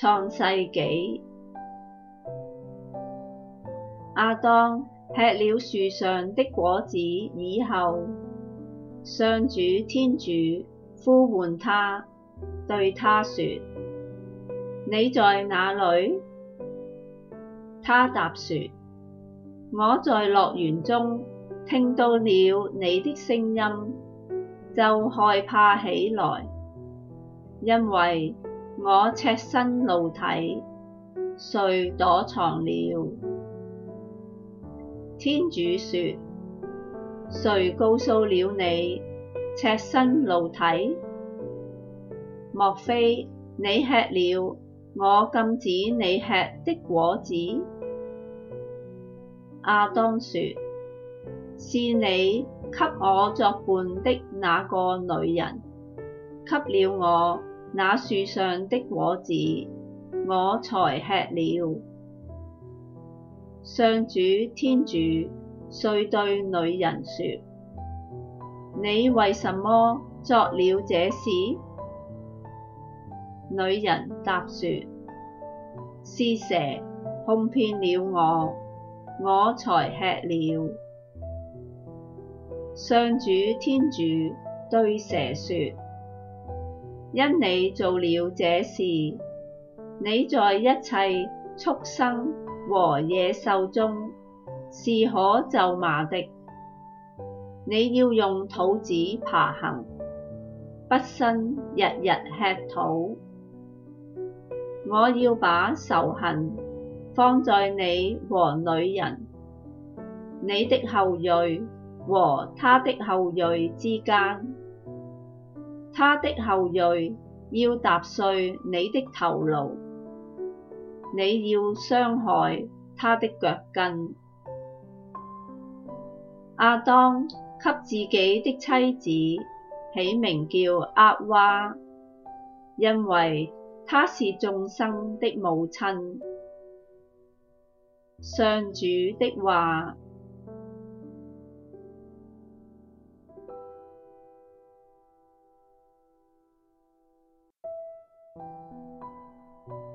創世紀，亞當吃了樹上的果子以後，上主天主呼喚他，對他說：你在那裏？」他答説：我在樂園中聽到了你的聲音，就害怕起來，因為我赤身露體，遂躲藏了。天主說：誰告訴了你赤身露體？莫非你吃了我禁止你吃的果子？亞當說：是你給我作伴的那個女人給了我。那樹上的果子，我才吃了。上主天主遂對女人說：你為什麼作了這事？女人答說：是蛇哄騙了我，我才吃了。上主天主對蛇說，因你做了這事，你在一切畜生和野獸中，是可咒罵的。你要用肚子爬行，畢生日日吃土。我要把仇恨放在你和女人，你的後裔和她的後裔之間。他的後裔要踏碎你的頭顱，你要傷害他的腳跟。亞當給自己的妻子起名叫厄娃，因為她是眾生的母親。上主的話。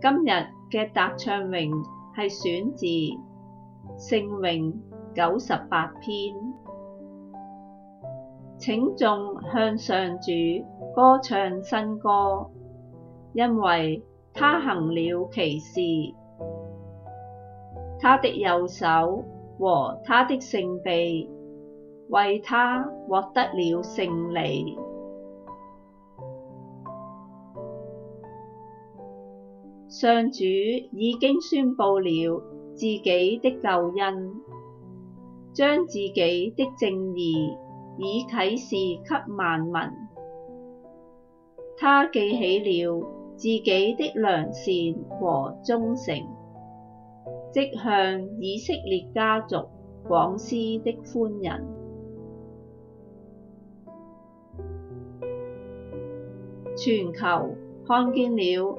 今日嘅答唱詠係選自聖詠九十八篇。請眾向上主歌唱新歌，因為他行了奇事，他的右手和他的聖臂為他獲得了勝利。上主已經宣佈了自己的救恩，將自己的正義已啟示給萬民。他記起了自己的良善和忠誠，即向以色列家族廣施的寬仁。全球看見了，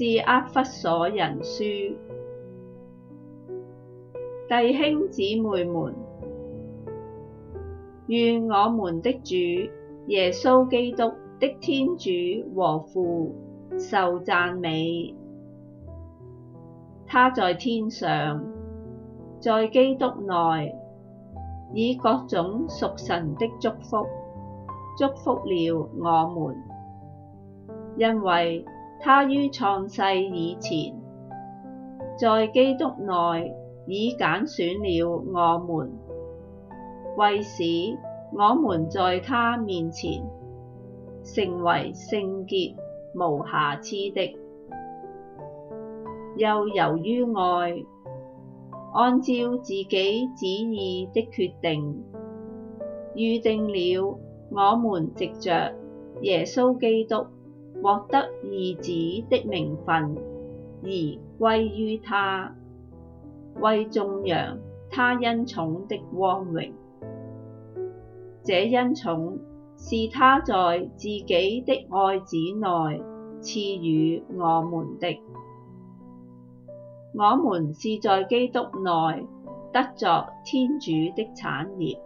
致厄弗所人書，弟兄姊妹們，願我們的主耶穌基督的天主和父受讚美。他在天上，在基督內，以各種屬神的祝福，祝福了我們，因為。他於創世以前，在基督內已揀選了我們，為使我們在他面前成為聖潔無瑕疵的。又由於愛，按照自己旨意的決定，預定了我們藉着耶穌基督。獲得義子的名份，而歸於他，為頌揚他恩寵的光榮。這恩寵是他在自己的愛子內賜予我們的。我們是在基督內得作天主的產業，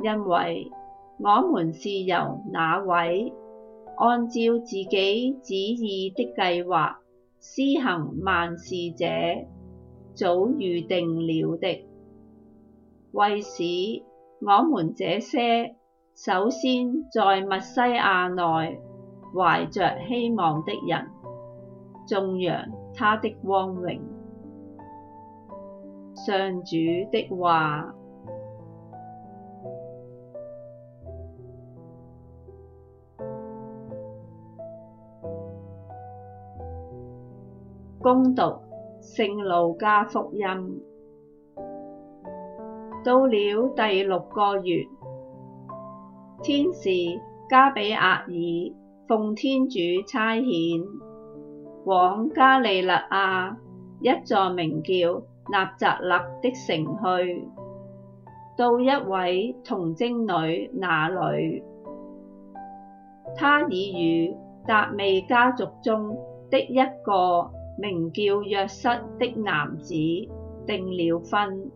因為我們是由那位。按照自己旨意的計劃施行萬事者，早預定了的，為使我們這些首先在默西亞內懷着希望的人，頌揚他的光榮。上主的話。恭讀《聖路加福音》。到了第六個月，天使加俾額爾奉天主差遣，往加里肋亞一座名叫納匝肋的城去，到一位童貞女那裏，她已與達味家族中的一個名叫若瑟的男子訂了婚，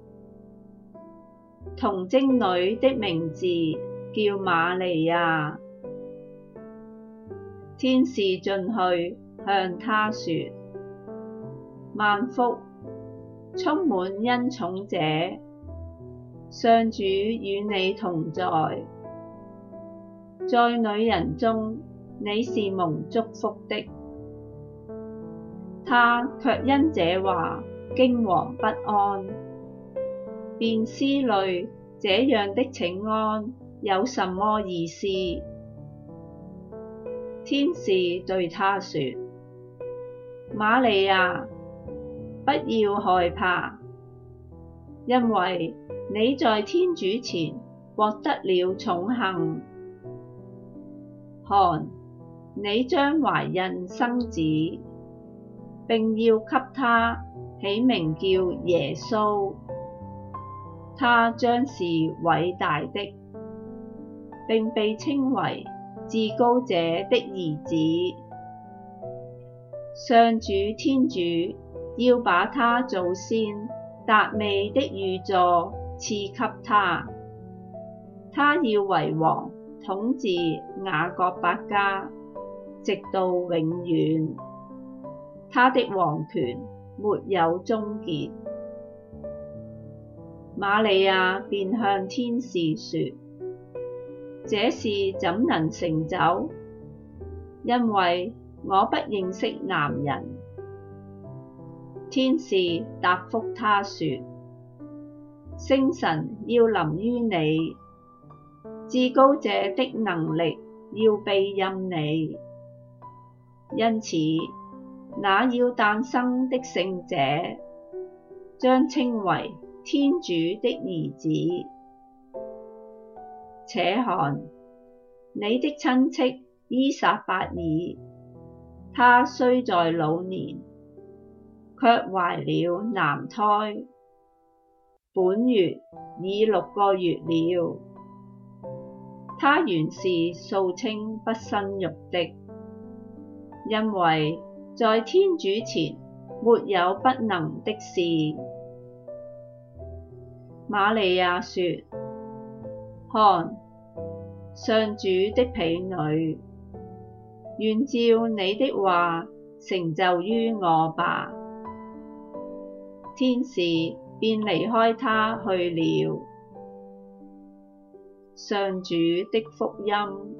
童貞女的名字叫瑪利亞。天使進去向她說：萬福，充滿恩寵者，上主與你同在。在女人中，你是蒙祝福的。他卻因這話驚惶不安，便思慮這樣的請安有什麼意思。天使對他說：「瑪利亞，不要害怕，因為你在天主前獲得了寵幸，看，你將懷孕生子。」並要給他起名叫耶穌，他將是偉大的，並被稱為至高者的兒子。上主天主要把他祖先達味的御座賜給他，他要為王統治雅各伯家，直到永遠。他的王權沒有終結。瑪利亞便向天使説，這事怎能成就？因為我不認識男人。天使答覆她說，聖神要臨於你，至高者的能力要庇蔭你，因此，那要誕生的聖者，將稱為天主的兒子。且看你的親戚依撒伯爾，她雖在老年，卻懷了男胎，本月已六個月了。她原是素稱不生育的，因為。在天主前沒有不能的事。瑪利亞說，看，上主的婢女，願照你的話成就於我吧。天使便離開她去了。上主的福音。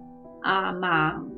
阿媽。Uh,